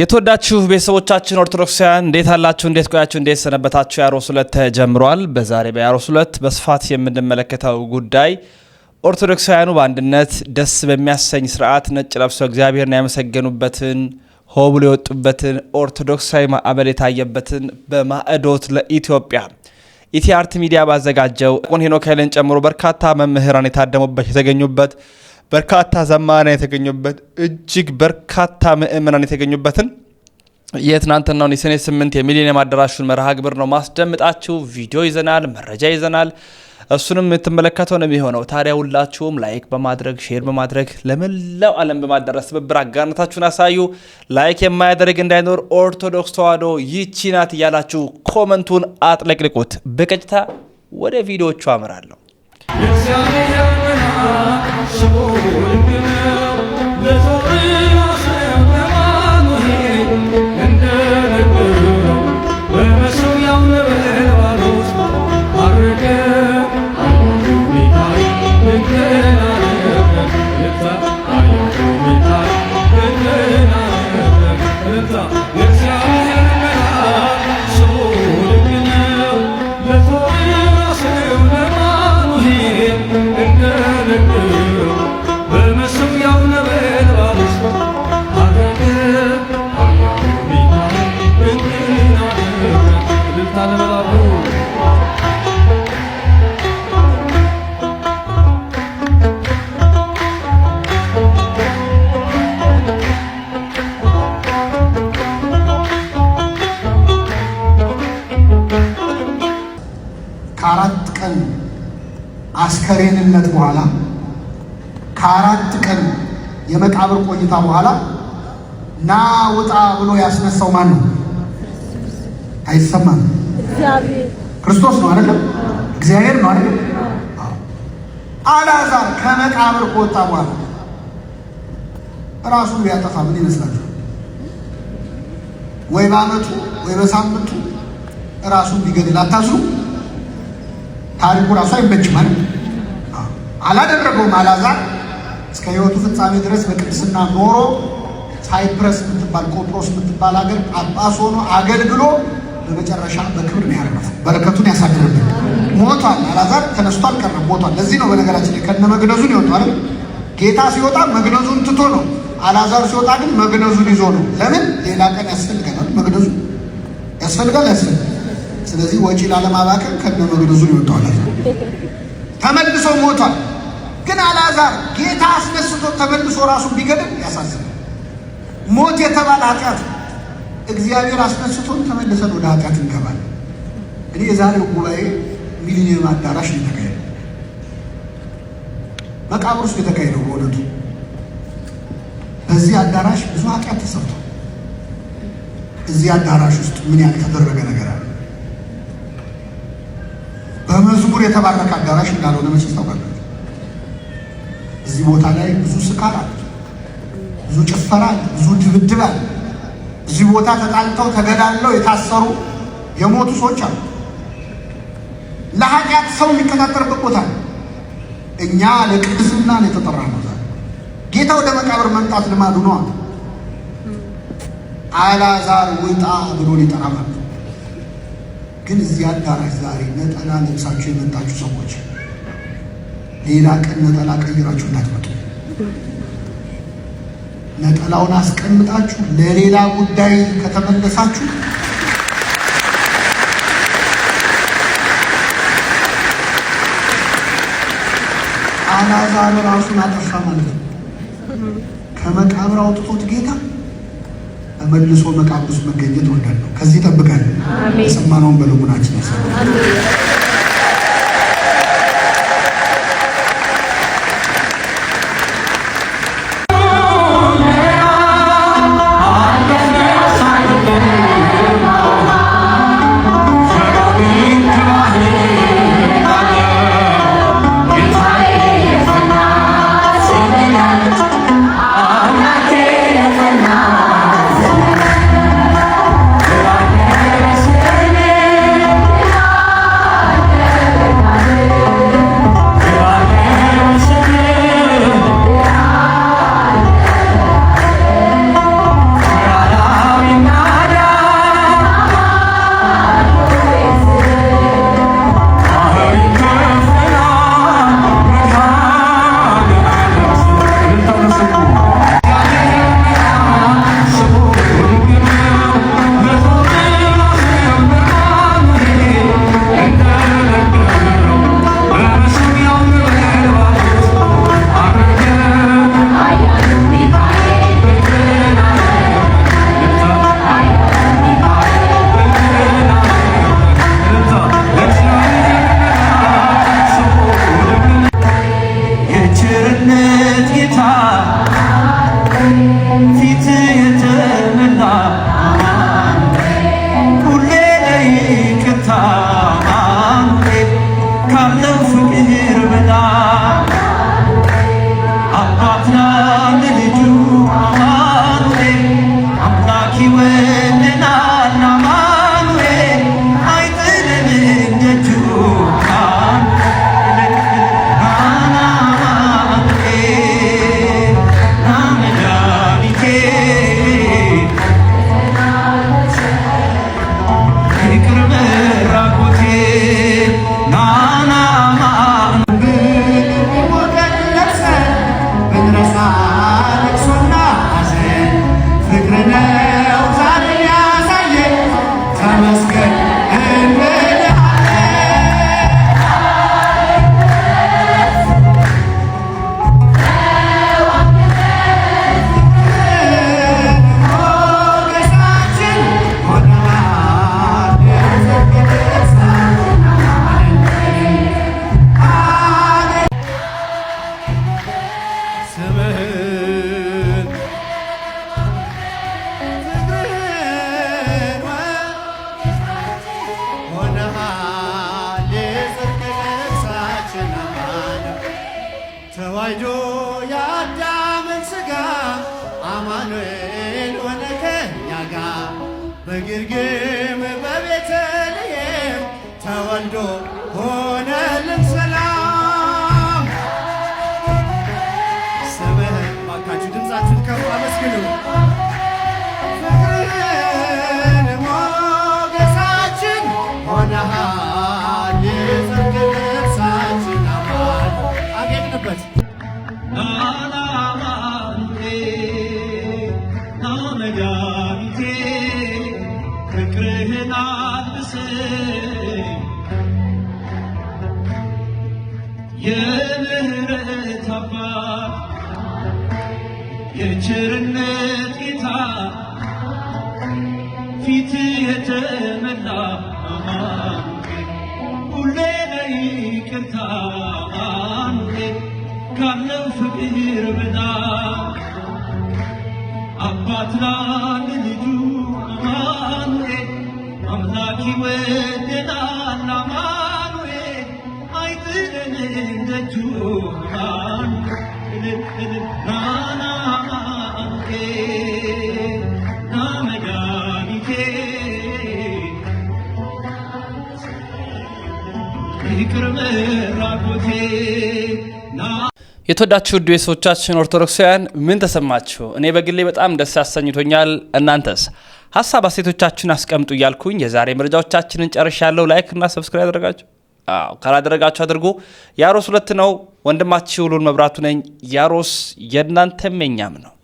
የተወዳችሁ ቤተሰቦቻችን ኦርቶዶክሳውያን እንዴት አላችሁ? እንዴት ቆያችሁ? እንዴት ሰነበታችሁ? ያሮስ ሁለት ተጀምሯል። በዛሬ በያሮስ ሁለት በስፋት የምንመለከተው ጉዳይ ኦርቶዶክሳውያኑ በአንድነት ደስ በሚያሰኝ ስርዓት ነጭ ለብሰው እግዚአብሔርን ያመሰገኑበትን ሆ ብሎ የወጡበትን ኦርቶዶክሳዊ ማዕበል የታየበትን በማዕዶት ለኢትዮጵያ ኢቲአርት ሚዲያ ባዘጋጀው ቁን ሄኖክ ኃይሌን ጨምሮ በርካታ መምህራን የታደሙበት የተገኙበት በርካታ ዘማና የተገኙበት እጅግ በርካታ ምእመናን የተገኙበትን የትናንትናውን የሰኔ ስምንት የሚሊኒየም አዳራሹን መርሃ ግብር ነው ማስደምጣችሁ። ቪዲዮ ይዘናል፣ መረጃ ይዘናል። እሱንም የምትመለከተው ነው የሚሆነው። ታዲያ ሁላችሁም ላይክ በማድረግ ሼር በማድረግ ለመላው ዓለም በማዳረስ ትብብር አጋርነታችሁን አሳዩ። ላይክ የማያደርግ እንዳይኖር ኦርቶዶክስ ተዋሕዶ ይቺ ናት እያላችሁ ኮመንቱን አጥለቅልቁት። በቀጥታ ወደ ቪዲዮቹ አምራለሁ። show. አስከሬንነት በኋላ ከአራት ቀን የመቃብር ቆይታ በኋላ ና ውጣ ብሎ ያስነሳው ማን ነው? አይሰማም። ክርስቶስ ነው አይደለም? እግዚአብሔር ነው አይደለም? አላዛር ከመቃብር ከወጣ በኋላ ራሱን ቢያጠፋ ምን ይመስላችኋል? ወይ በአመቱ ወይ በሳምንቱ ራሱን ቢገድል አታዝኑ። ታሪኩ ራሱ አይመችም አይደል? አላደረገውም። አላዛር እስከ ሕይወቱ ፍጻሜ ድረስ በቅድስና ኖሮ ሳይፕረስ የምትባል ቆጵሮስ የምትባል ሀገር ጳጳስ ሆኖ አገልግሎ በመጨረሻ በክብር ነው ያረፈው። በረከቱን ያሳድርብን። ሞቷል። አላዛር ተነስቶ አልቀረም፣ ሞቷል። ለዚህ ነው በነገራችን ላይ ከነ መግነዙን ይወጣል። ጌታ ሲወጣ መግነዙን ትቶ ነው። አላዛር ሲወጣ ግን መግነዙን ይዞ ነው። ለምን ሌላ ቀን ያስፈልገናል። መግነዙ ያስፈልጋል፣ ያስፈልጋል። ስለዚህ ወጪ ላለማባከን ከነ መግነዙን ይወጣዋል። ተመልሶ ሞቷል። ግን አላዛር ጌታ አስነስቶ ተመልሶ ራሱን ቢገድም ያሳዝናል። ሞት የተባለ ኃጢአት እግዚአብሔር አስነስቶን ተመልሰን ወደ ኃጢአት እንገባል። እኔ የዛሬው ጉባኤ ሚሊኒየም አዳራሽ የተካሄደ መቃብር ውስጥ የተካሄደው። በእውነቱ በዚህ አዳራሽ ብዙ ኃጢአት ተሰርቷል። እዚህ አዳራሽ ውስጥ ምን ያህል የተደረገ ነገር አለ? በመዝሙር የተባረከ አዳራሽ እንዳልሆነ መቼ ታውቃለህ። እዚህ ቦታ ላይ ብዙ ስካር አለ፣ ብዙ ጭፈራ አለ፣ ብዙ ድብድብ አለ። እዚህ ቦታ ተጣልተው ተገዳለው የታሰሩ የሞቱ ሰዎች አሉ። ለኃጢአት ሰው የሚቀጣጠርበት ቦታ ነው። እኛ ለቅድስና ነው የተጠራነው። ዛሬ ጌታ ወደ መቃብር መምጣት ልማዱ ነው። አልዓዛር ውጣ ብሎ ሊጠራ ማለት ግን እዚህ አዳራሽ ዛሬ ነጠላ ለብሳችሁ የመጣችሁ ሰዎች ሌላ ቀን ነጠላ ቀይራችሁ እንዳትመጡ። ነጠላውን አስቀምጣችሁ ለሌላ ጉዳይ ከተመለሳችሁ አልዓዛር ራሱን አጠፋ ማለት ነው። ከመቃብር አውጥቶት ጌታ በመልሶ መቃብር ውስጥ መገኘት ወዳል ነው። ከዚህ ጠብቀን የሰማነውን በልቡናችን ያሳ ወልዶ የአዳምን ስጋ አማኑኤል ሆነ ከእኛ ጋር በግርግም በቤተልሔም ተወልዶ የምህረት አባት የቸርነት ጌታ ፊት የተመላ ሁሌ ለይቅርታ ካለው ፍቅር በላ አባት ላለ ልጁ አማኑኤል አምላክ ይወደናል አማ የተወዳችሁ ውድ ቤተሰቦቻችን ኦርቶዶክሳውያን ምን ተሰማችሁ? እኔ በግሌ በጣም ደስ ያሰኝቶኛል። እናንተስ? ሀሳብ አስተያየቶቻችሁን አስቀምጡ እያልኩኝ የዛሬ መረጃዎቻችንን ጨርሻለሁ። ላይክ እና ሰብስክራይብ ያደረጋችሁ ካላደረጋችሁ አድርጉ። ያሮስ ሁለት ነው። ወንድማችሁ ሉል መብራቱ ነኝ። ያሮስ የእናንተም የኛም ነው።